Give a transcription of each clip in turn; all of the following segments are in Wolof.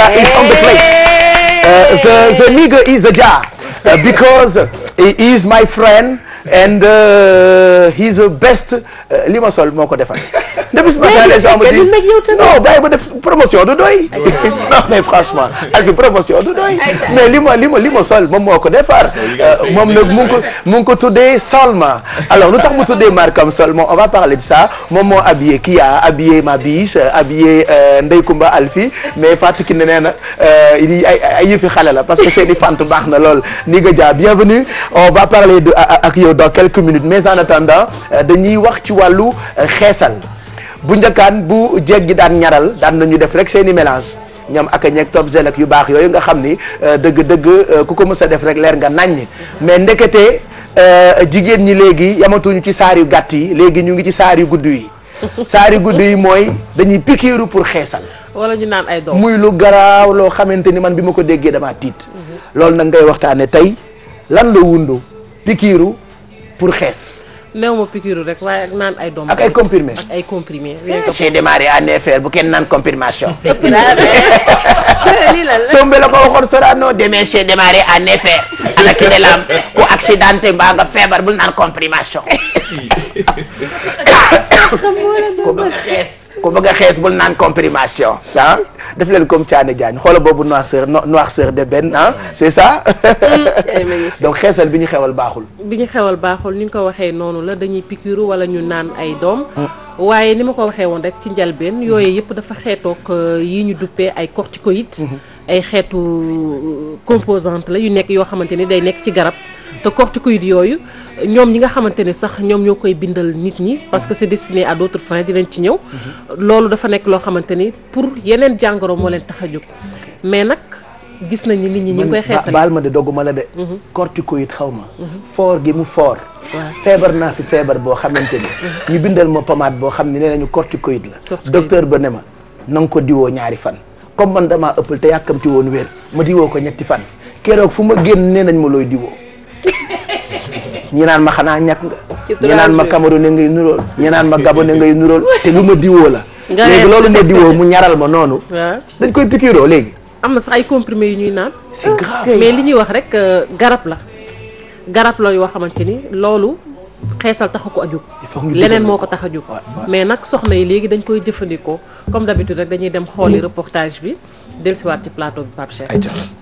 Africa is on the place. Uh, the, the nigga is a jar uh, because he is my friend. and uh, he's the best uh, li ma sol moo ko defal. depuis ce matin les gens li ma li ma li ma sol moom moo ko defar. Euh, moom mu ngi ko mu ngi ko tuddee lu tax mu tuddee marque am Salma on va parler de ça moom moo habillé Kia habillé ma biche habillé euh, Ndeye Kumba Alphie mais Fatou Kiné nee na euh, ay ay yëfi xale la parce que seeni fant baax na lool ni nga jaa on va parler de ak dans quelques mais en attendant euh, dañuy wax ci wàllu euh, xeesal bu njëkkaan bu jeeg gi daan ñaral daan nañu def rek seen i mélange ñoom ak a ñeeg yu baax yooyu nga xam ni euh, dëgg-dëgg ku ko mës a def rek leer nga naññ mais ndekete jigéen ñi léegi yamatuñu ci saar yu gàtt yi léegi ñu ngi ci saar yu gudd yi saar gudd yi mooy dañuy pikiiru pour xeesal wala ñu naan ay doom muy lu garaaw loo xamante ni man bi ma ko déggee damaa tiit mhm. loolu nag ngay waxtaane tey lan la wundu pikiiru pour xees. néew ma piqûre rek waaye ak naan ay doom. ak ay comprimés ak ay comprimés. j'ai démarré en bu kenn naan comprimation. c'est grave la ko waxoon Sorano demee j'ai démarré en affaire ana ki ne laam ku accidenté mbaa nga feebar bul naan comprimation. ku bëgg a xees bul naan comprimation ah? def leen comme Thiané Diagne xoolal boobu noirceur noirceur de benn ah c'est ça. Mm, donc xeesal bi ñu xewal baaxul. bi ñu xewal baaxul ni ñu ko waxee noonu la dañuy pikiru wala ñu naan ay doom. Mm. waaye ni ma ko waxee woon rek ci njalbeen yooyu yëpp dafa xeetook euh, yi ñu duppee ay corticoïdes. Mm-hmm. ay xeetu euh, composante la yu nekk yoo xamante ni day nekk ci garab te corticoïdes yooyu. ñoom ñi nga xamante ne sax ñoom ñoo koy bindal nit ñi parce que c'est destiné à d'autres fins dinañ ci ñëw loolu dafa nekk loo xamante ni pour yeneen jàngoro moo leen tax a jóg mais nag gis nañu nit ñi ñu ngi koy xeesal baal ma de dogguma la de mhm. corticoïde xaw ma mhm. fort gi mu fort feebar naa fi feebar boo xamante ni mhm. ñu bindal ma boo xam ne nee nañu corticoïde la docteur ba ne ma na nga ko diwoo ñaari fan comme man damaa ëppal te yàkkamti woon wér ma diwoo ko ñetti fan keroog fu ma génn nee nañ ma looy diwoo ñi naan ma xanaa ñàkk nga ñi naan ma Cameroun ngay nuróol ñi naan ma Gabon ngay nurool te lu ma diwoo la léegi loolu ma diwoo mu ñaral ma noonu dañ koy piqûre léegi am na sax ay comprimés yu ñuy naan c'est ah, mais li ñuy wax rek euh, garab la garab la yoo xamante ni loolu xeesal taxu ko a jóg leneen moo ko tax a ko mais nag soxna yi léegi dañ koy jëfandikoo comme d'habitude rek dañuy dem xooli mm. reportage bi dellusiwaat ci plateau bi Pape Cheikh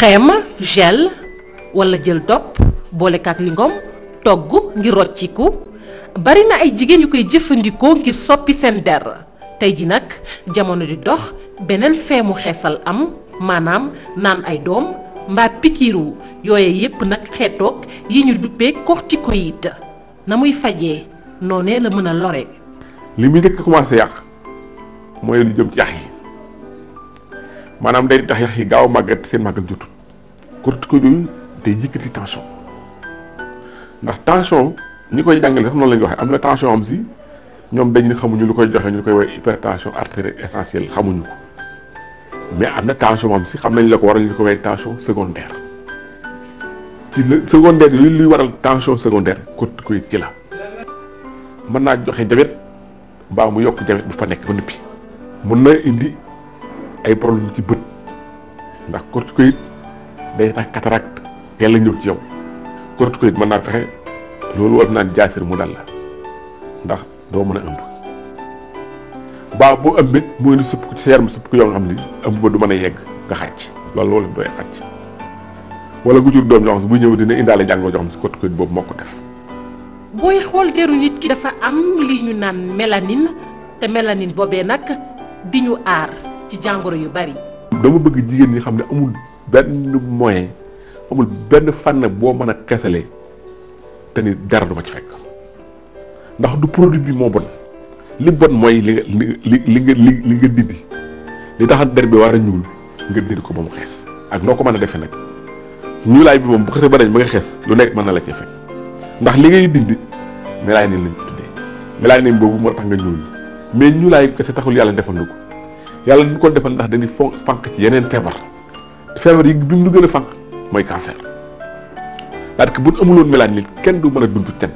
crème gel walla jël dopp boolekaak lingom togg ngir rocciku bari na ay jigéen yu koy jëfandikoo ngir soppi seen der tey ji nag jamono di dox beneen feemu xeesal am maanaam naan ay doom mbaa pikiiru yooye yépp nag xeetoog yi ñu duppee corticoïde na muy faje noone la mën a lore li muy njëkk commencé yàq mooy jëm ci maanaam day tax yax yi gaaw a màggat seen màggal jotul corticoïdes yooyu day yëkkati tension ndax tension ñu koy jàngale sax noonu la ñuy waxee am na tension am si ñoom dañu xamuñu lu koy joxe ñu koy woowee hypertension artérielle essentielle xamuñu ko mais am na tension am si xam nañ la ko waral ñu ko woowee tension secondaire ci la secondaire yooyu luy waral tension secondaire corticoïde ci la mën naa joxe jabet mbaa mu yokk jabet bu fa nekk ba noppi ay problème ci bët ndax corticoïde day tax cataracte teel la ñëw ci yow corticoïde mën naa fexe loolu war naan jaasir mu dal la ndax doo mën a ëmb baa boo ëmbit mu indi sëpp sa yaram sëpp ko yoo nga xam ni ëmb ba du mën a yegg nga xàcc loolu loolu dooy xàcc wala gu jur doom yoo xam si buy ñëw dina indaale jàngoo joo xam si corticoïde boobu moo ko def booy xool deru nit ki dafa am li ñu naan mélanine te mélanine boobee nag di ñu aar ci jàngoro yu bari. dama bëgg jigéen ñi xam ne amul benn moyen amul benn fànn boo mën a xesalee te ni dara du ma ci fekk ndax du produit bi moo bon li bon mooy li li li nga li li nga dindi li tax der bi war a ñuul nga dindi ko ba mu xes ak noo ko mën a defee nag ñuulaay bi moom bu xasee ba dañ ba nga xes lu nekk mën na la ci fekk ndax li ngay dindi mélanine lañ ko tuddee mélanine boobu moo tax nga ñuul mais ñuulaay kese taxul yàlla defal na ko. yàlla duñ ko defal ndax dañuy fo fànq ci yeneen feebar feebar yi bi mu gën a fànq mooy cancer parce que bu ñu amuloon mélanine kenn du mën a dund can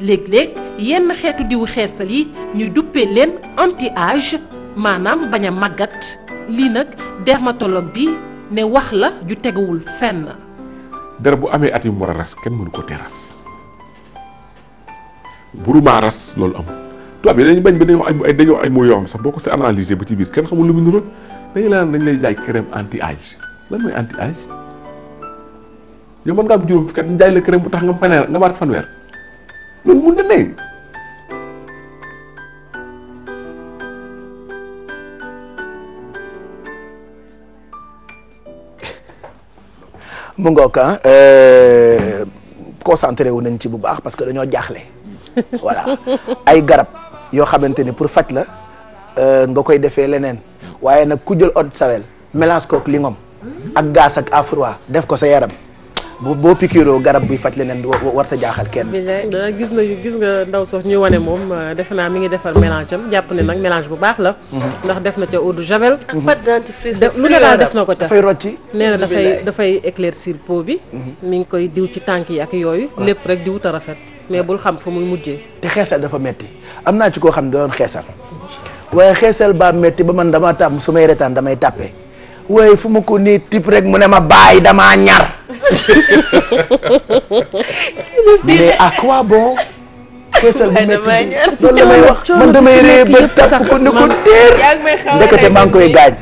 léeg-léeg yenn xeetu diwu xeesal yi ñu duppee leen anti âge maanaam bañ a màggat lii nag dermatologue bi ne wax la ju teguwul fenn. dara bu amee at yu mu war a ras kenn mënu ko teeras buru maa ras loolu amul. tubaab yi dañu bañ ba dañoo ay ay dañoo ay mooy yoo ci biir kenn xamul lu mu niroon dañu lay jaay crème anti âge lan bu tax nga fanweer loolu mun na ne mu ngoog ah, euh, concentré wu nañ ci bu baax parce que dañoo jaaxle voilà ay garab yoo xamante ni pour faj la euh, nga koy defee leneen waaye nag ku jël eau de Javel mélange kook lingom ak gaz ak à def ko sa yaram boo boo garab buy faj leneen war ta jaaxal kenn. gis na gis nga ndaw soo ñuy wane moom euh, defe naa mi ngi defar mélange am jàpp ne nag mélange bu baax la. Mhm. ndax def na ca eau de Javel. ak pâte lu ne daal def na ko ca. dafay rotti nee dafay dafay éclaircir peau bi. Mhm. mi ngi koy diw ci tànk yi ak yooyu. lépp rek diw ta rafet. mais bul xam fu muy mujjee. te xeesal dafa metti am naa ci koo xam ne da doon xeesal waaye xeesal baa metti ba man dama tàmm su may retaan damay tàppe waaye fu ma ko nee tip rek mu ne ma bàyyi damaa ñar mais à quoi bon. maa ngi koy gaañ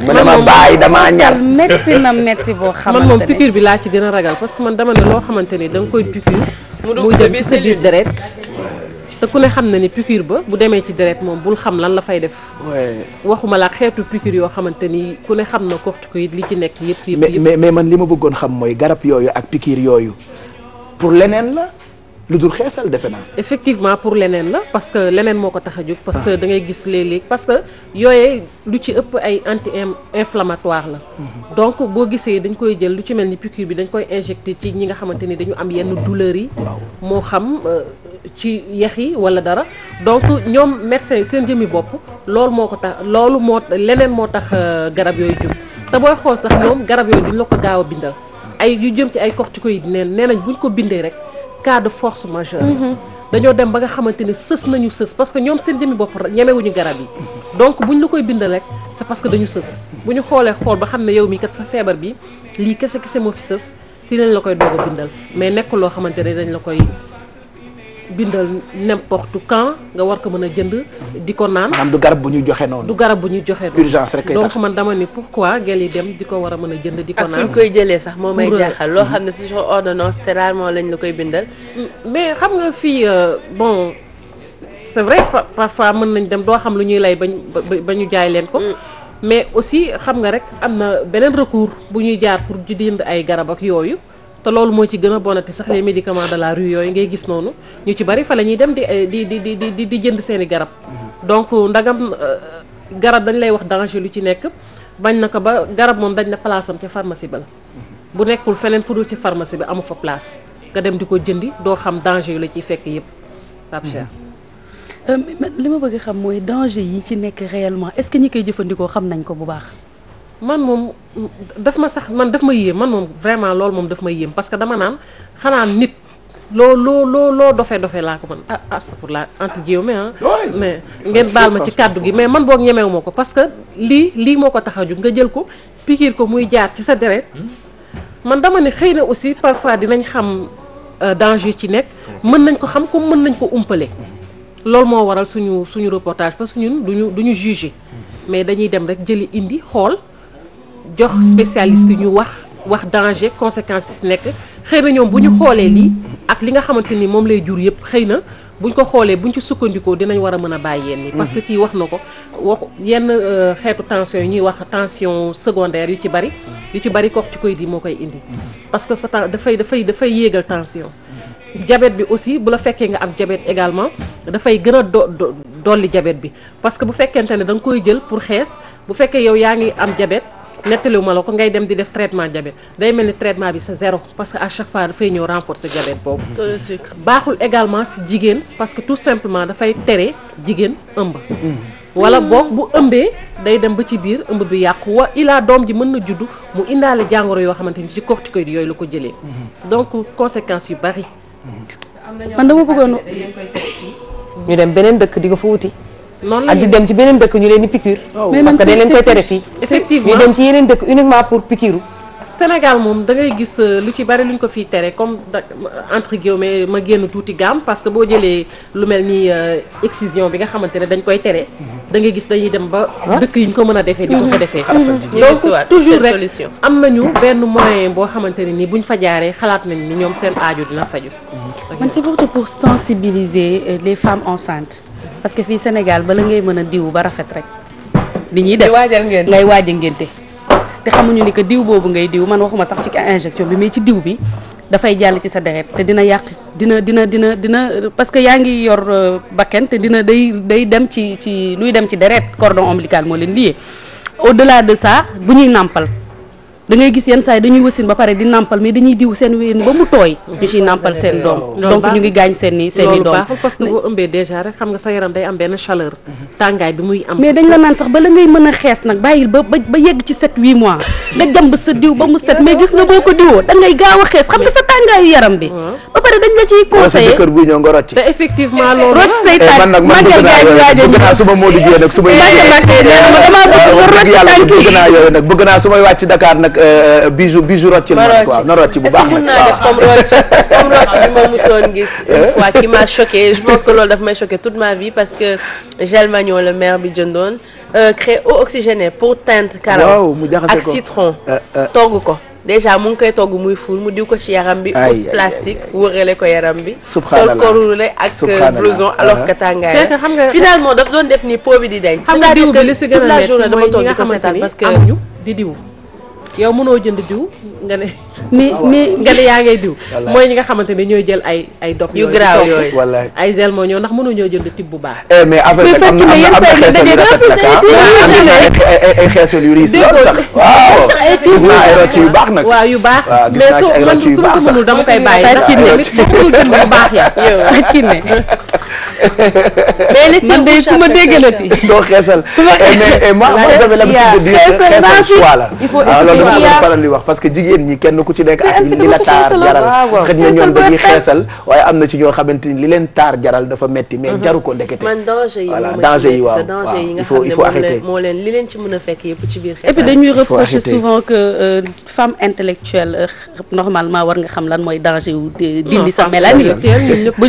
mu ne ma bàyyi damaa ñar métti na métti boo xamante ne man moom piqûre bi laa ci gën a ragal parce man dama ne loo xamante ne da koy piqûre mu jëm ci sa biir deret te ku ne xam na ni piqûre ba bu demee ci deret moom bul xam lan la fay def. waxuma laa xeetu piqûre yoo xamante ni ku ne xam na ko corticoïde li ci nekk yëpp. yëpp mais mais man li ma bëggoon xam mooy garab yooyu ak piqûre yooyu pour leneen la. lu dul xeesal defe naa. effectivement pour leneen la parce que leneen moo ko tax a jóg. parce que ah. da gis léeg-léeg parce que yooyee lu ci ëpp ay anti inflammatoire la. Mhm. donc boo gisee dañ koy jël lu ci mel ni piqûre bi dañ koy injecté ci ñi nga xamante ni dañu am yenn douleurs yi. moo xam euh, ci yax yi wala dara. donc ñoom médecin seen jëmmi bopp loolu moo ko tax loolu moo leneen moo tax euh, garab yooyu jóg te booy xool sax ñoom garab yooyu duñ la ko gaaw a bindal. ay yu jëm ci ay corticoïdes neen nee nañ buñ ko bindee rek. cas de force majeure. dañoo dem ba nga xamante ni sës nañu sës parce que ñoom seen jëmmi bopp ñemewuñu garab yi. donc buñ la koy bindal rek c'est parce que dañu sës bu ñu xoolee xool ba xam ne yow mi kat sa feebar bi lii kese kese moo fi sës ci lañ la koy doog a bindal mais nekk loo xamante ne dañ la koy. bindal n'importe quand nga war ko mën a jënd di ko naan maanaam du garab bu ñuy joxe noonu du garab bu ñuy joxe noonu urgence rek donc man dama ni pourquoi gel yi di ko war a a jënd di ko naan ak koy jëlee sax moo may jaaxal loo xam ne si ordonnance te rarement lañ la koy bindal mais xam nga fii euh, bon c'est vrai parfois mën nañ dem doo xam lu ñuy lay bañ ba ñu jaay leen ko mm. mais aussi xam nga rek am na beneen recours bu ñuy jaar pour di jënd ay garab ak yooyu te loolu moo ci gën a bonati sax les médicaments de la rue yooyu ngay gis noonu ñu ci bari fa la ñuy dem di di di di di jënd seeni garab. Mhm. donc euh, ndagam euh, garab dañ lay wax danger lu ci nekk bañ na ko ba garab moom dañ na place am ca pharmacie ba la. Mhm. bu nekkul feneen fu dul ci pharmacie bi amu fa place nga dem di ko jëndi doo xam danger yu la ciy fekk yëpp. Pape mhm. Cheikh. Euh, li ma bëgg xam mooy danger yi ci nekk réellement est-ce que ñi koy jëfandikoo xam nañ ko bu baax. man moom daf ma sax man daf ma yéem man moom vraiment loolu moom daf ma yéem parce que dama naan xanaa nit loo loo loo loo dofe dofe laa ko man pour ah, ah, astafurlah entre guillemets ah mais ngeen baal ma ci kàddu gi mais man boog ñemewu ma ko parce que lii lii moo ko tax a jug nga jël ko pikiir ko muy jaar ci sa deret man dama ne xëy na aussi parfois dinañ xam euh, danger ci nekk mën nañ ko xam comme mën nañ ko umpale loolu moo waral suñu suñu reportage parce que ñun duñu duñu juger mais dañuy dem rek jëli indi xool jox spécialiste ñu wax wax danger conséquences nekk xëy na ñoom bu ñu xoolee lii ak li nga xamante ni moom lay jur yëpp xëy na bu buñ ko xoolee bu ñu ci sukkandikoo dinañ war a mën a bàyyi yenn yi parce que kii wax na ko wax yenn euh, xeetu tension yi ñuy wax tension secondaire yu ci bari yu ci bari kox ci koy di moo koy indi parce que sa temps dafay dafay dafay yéegal tension jabet bi aussi bu la fekkee nga am jabet également dafay gën a do dolli jabet bi parce que bu fekkente ne da nga koy jël pour xees bu fekkee yow yaa ngi am jabet nettaliwuma la ko ngay dem di def traitement diabète day mel ni traitement bi c'est zéro parce que à chaque fois dafay ñëw renforcer diabète boobu. baaxul également si jigéen parce que tout simplement dafay tere jigéen ëmb. wala mm. boog bu ëmbee day dem ba ci biir ëmb bu yàqu wa ilaa doom ji mën na juddu mu indaale jàngoro yoo xamante ni ci corticoïde yooyu la ko jëlee. Mm-hmm. donc conséquence yu bari. Mm-hmm. man dama bëggoon ñu dem beneen dëkk di ko fa wuti. ak di dem ci beneen dëkk ñu leen di piqûre parce que dañ leen koy tere fii effectivement ñu dem ci yeneen moom da ngay gis euh, lu ci bari luñ ko fiy tere comme entre guillemets ma génn tuuti gaam parce que boo jëlee lu mel ni euh, excision bi nga xamante ne dañ koy tere. da gis dañuy dem ba. Ah. dëkk yi ñu ko mën a defee. di ko ko mhm. defee donc toujours rek am nañu benn moyen boo xamante ne ni buñ fa jaaree xalaat nañ ni ñoom seen aajo dina faju. man c'est pour sensibiliser euh, les femmes enceintes. parce que fii Sénégal bala ngay mën a diw ba rafet rek. li ñuy def ngay waaj a ngénte te xamuñu ni que diw boobu ngay diw man waxuma sax ci injection bi mais ci diw bi dafay jàll ci sa deret te dina yàq dina dina dina dina parce que yaa ngi yor euh, bakken te dina day day dem ci ci luy dem ci deret cordon ombilical moo leen lii au delà de ça bu ñuy nàmpal. da gis yenn saa yi dañuy wasin ba pare di nàmpal mais dañuy diw seen wéen ba mu tooy ñu ciy nàmpal seen doom donc ñu ngi gaañ seen doom que boo ëmbee déjà rek xam nga sa yaram day am benn chaleur tàngaay bi muy am mais dañ la naan sax bala ngay mën a xees nag bàyyil ba ba ba yegg ci sept huit mois nga jàmb sa diw ba mu set mais gis nga boo ko diwoo da ngay gaaw a xees xam nga sa tàngaayu yaram bi ba pare la ciy conseillé kër bu ñëw nga rocci effectivement loolu rocc say eh, tànk man nag man bëgg naa yooyu bëgg naa suma Modou Dieng nag su may dëgg yàlla bëgg naa yooyu nag bëgg naa su may wàcc Dakar nag eh, eh, bijou bijou rocci la quoi na rocci bu baax nag naa def comme rocci comme rocci bi ma musoon gis une fois qui m'a choqué je pense que loolu daf may choqué toute ma vie parce que gel magnon le maire bi jëndoon euh, créé eau oxygénée pour teinte karaw ak citron togg ko dèjà mu ngi koy togg muy fuur mu diw ko ci yaram bi. ay plastique wërale ko yaram bi. subxanala sol korule ak euh, blouson alors uh-huh. que tàngaay xam nga finalement daf doon def ni pot bi di denc. xam nga diw bi li si gën a métti mooy ñi nga xamante ni amuñu di diw. yow mënoo jënd diw nga ne ni ni ah, nga ne yaa ngay diw mooy nga xamante ne ñooy jël ay ay dog yu garaaw yooyu ay gel moo ñëw ndax mënuñoo jënd tib bu baax eh, mais affaire am na ay xeesal yu riis la sax waaw gis naa ay rocc yu baax nag waaw yu baax mais su man su ma ko mënul dama koy bàyyi ndax mënul jënd bu baax ya kinne mais li man de ku ma déggalati doo xeesal eh, mais eh, moi j'avais l'habitude de ah, wax parce que jigéen yéen ñi kenn ku ci nekk ak li la taar jaral xëj na ñoom dañuy xeesal waaye am na ci ñoo xamante li leen taar jaral dafa metti mais mhm. jaru ko ndekete man moo leen li leen ci mën a fekk yëpp ci biir et puis euh, euh,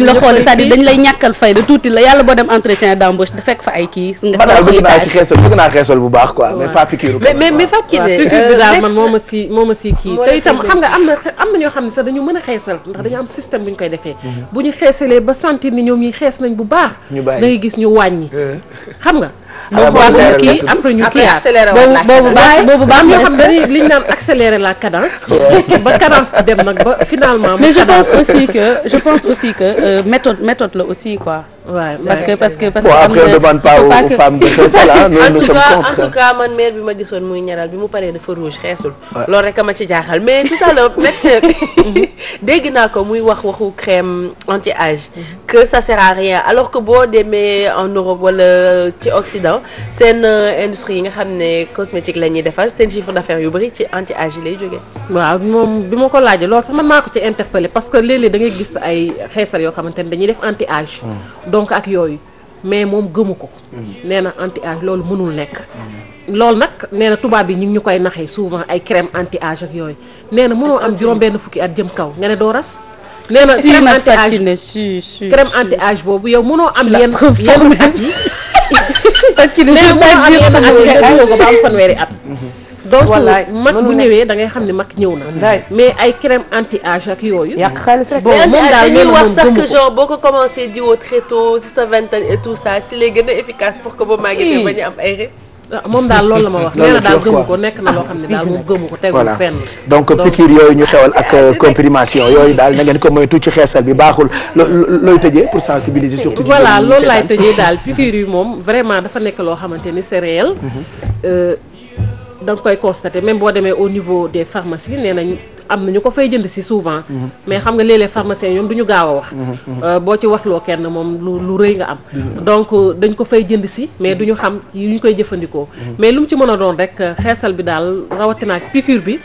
la xoolee cest à dañ lay ñàkkal fayda tuuti la yàlla boo dem entretien d'embauche da fekk fa ay kii naa ci naa xeesal bu baax quoi mais pas piqûre mais mais Fatou Kiné man kii te itam xam nga am na am na ñoo xam ne sax dañu mën a xeesal ndax dañu am système bu ñu koy defee mhm. bu ñu xeesalee ba sentir ni ñoom ñuy xees nañ bu baax da ngay gis ñu wàññi eh. xam nga moom ah, boobu kii ñu kii aar boobu baax boobu baax ñoo xam dañuy li ñu naan accélérer la cadence ba cadence dem nag ba finalement mais je pense aussi que je pense aussi que euh, méthode méthode la aussi quoi waaw parce que parce que parce que am na bon après on demande pas aux bi ma gisoon muy ñaral bi mu paree dafa rouge xeesul. loolu rek a ma ci jaaxal mais tout dégg naa ko muy wax waxu crème anti âge. Mhm. que ça alors que boo demee en Europe wala ci Occident seen euh, industrie yi nga xam ne cosmétique la ñuy defar seen chiffre d'affaires yu bëri ci anti âge lay jógee. waaw moom bi ma ko laajee loolu sax man ci interpellé parce que léeg-léeg da ngay gis ay xeesal yoo xamante ne dañuy def anti âge. Hmm. donc ak yooyu mais moom gëmu ko. Mm-hmm. nee na anti âge loolu mënul nekk. loolu nag nee na tubaab yi ñu ngi ñu koy naxee souvent ay crème anti âge ak yooyu nee na mënoo am juróom benn fukki at jëm kaw nga ne doo ras. nee na crème anti âge crème anti âge boobu yow mënoo am yenn yenn at yi. Fatou Kiné nee na mënoo am yenn at yi fanweeri at. donc mag bu ñëwee da ngay xam ne mag ñëw na mais ay crème anti âge yooyu yàq xaalis rek mais dañuy wax boo ko commencé diwoo très tôt si sa vingtaine et tout ça si lay gën a efficace pour que am ay rëb ah, moom daal loolu la ma wax nee daal gëmu ko nekk na loo xam ne daal moom gëmu ko tegul fenn donc piqûre yooyu ñu xewal ak ah, euh, comprimation yooyu daal na ngeen ko mooy moytu ci xeesal bi baaxul looy tëjee pour sensibiliser surtout voilà loolu laay tëjee daal piqûre yi moom vraiment dafa nekk loo xamante ni c'est réel mm-hmm. euh, da koy constater même boo demee au niveau des pharmacies nee nañ am na ñu ko fay jënd si souvent. Mhm. mais xam nga léeg-léeg pharmaciens ñoom du ñu gaaw a wax. Mhm. Mhm. Euh, boo ci waxloo kenn moom lu lu rëy nga am. donc euh, dañ ko fay jënd si mais du ñu xam yu ñu koy jëfandikoo. mais lu mu ci mën a doon rek euh, xeesal bi daal rawatina ak bi.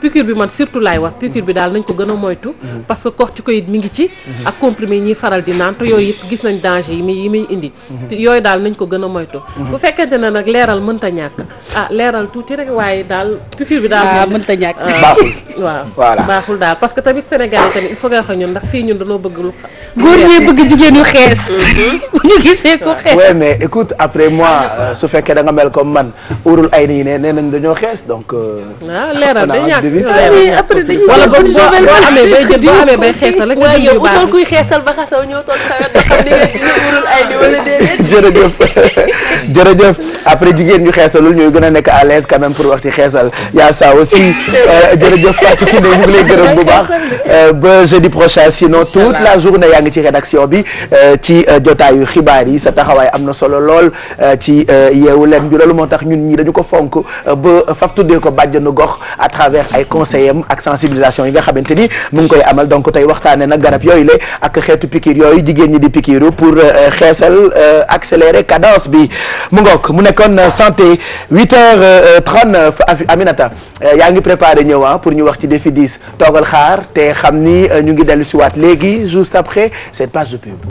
piqûre bi man surtout laay wax piqûre bi daal nañ ko gën a moytu mhm. parce que corticoïde mi ngi ci mhm. ak comprimé yi ñuy faral di naan te yooyu yëpp gis nañ danger yi muy yi muy indi mhm. yooyu daal nañ ko gën a moytu bu fekkente ne nag leeral mënta ñàkk ah leeral tuuti rek waaye daal piqûre bi daal ah, mënta ñàkk euh, baaxul waaw voilà baaxul daal parce que tamit Sénégal yi tamit il faut nga wax ñun ndax fii ñun dañoo bëgg lu góor ñee bëgg jigéen yu xees bu ñu gisee ko xees écoute après moi euh, su fekkee da nga mel comme man urul ay nii ne nee nañ dañoo xees donc euh, ah, leeral bi. Ah, ah, après dañuy wala boo amee bay jël boo amee bay xeesal rek. xeesal ba ñooy gën a nekk à l'aise quand même pour waxti xeesal yaa saa aussi euh, jërëjëf Fatou Kiné ñu ngi lay gërëm bu baax euh, ba jeudi prochain sinon toute la journée yaa ngi ci rédaction bi euh, ci jotaayu xibaar yi sa taxawaay am na solo lool ci yeewu leen bi loolu moo tax ñun ñi dañu ko fonk ba faf tuddee ko bàjjanu gox à travers ay conseil am ak sensibilisation yi nga xamante ni mu ngi koy amal donc tey waxtaane nag garab yooyu la ak xeetu piqûre yooyu jigéen ñi di piqûre pour euh, xeesal euh, accélérer cadence bi mu ngoog mu nekkoon euh, santé 8h30 Aminata yaa ngi préparé ñëw ah pour ñu wax ci défi 10 toogal xaar te xam ni ñu ngi dellu si waat léegi juste après cette page de pub